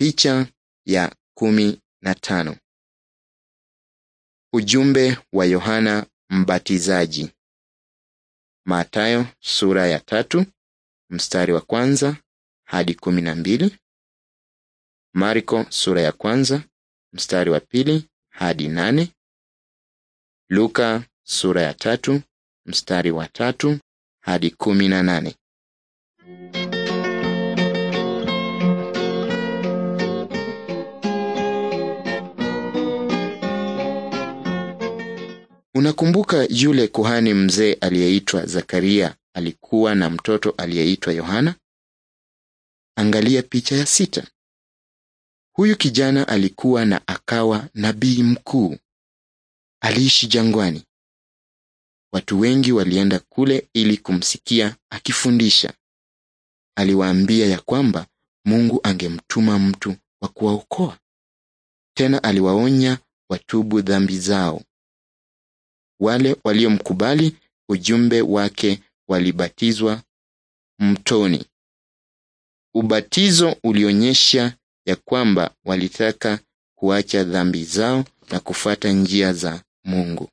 Picha ya kumi na tano. Ujumbe wa Yohana Mbatizaji. matayo sura ya tatu mstari wa kwanza hadi kumi na mbili. Marko sura ya kwanza mstari wa pili hadi nane. Luka sura ya tatu mstari wa tatu hadi kumi na nane. Unakumbuka yule kuhani mzee aliyeitwa Zakaria alikuwa na mtoto aliyeitwa Yohana? Angalia picha ya sita. Huyu kijana alikuwa na akawa nabii mkuu. Aliishi jangwani. Watu wengi walienda kule ili kumsikia akifundisha. Aliwaambia ya kwamba Mungu angemtuma mtu wa kuwaokoa. Tena aliwaonya watubu dhambi zao. Wale waliomkubali ujumbe wake walibatizwa mtoni. Ubatizo ulionyesha ya kwamba walitaka kuacha dhambi zao na kufuata njia za Mungu.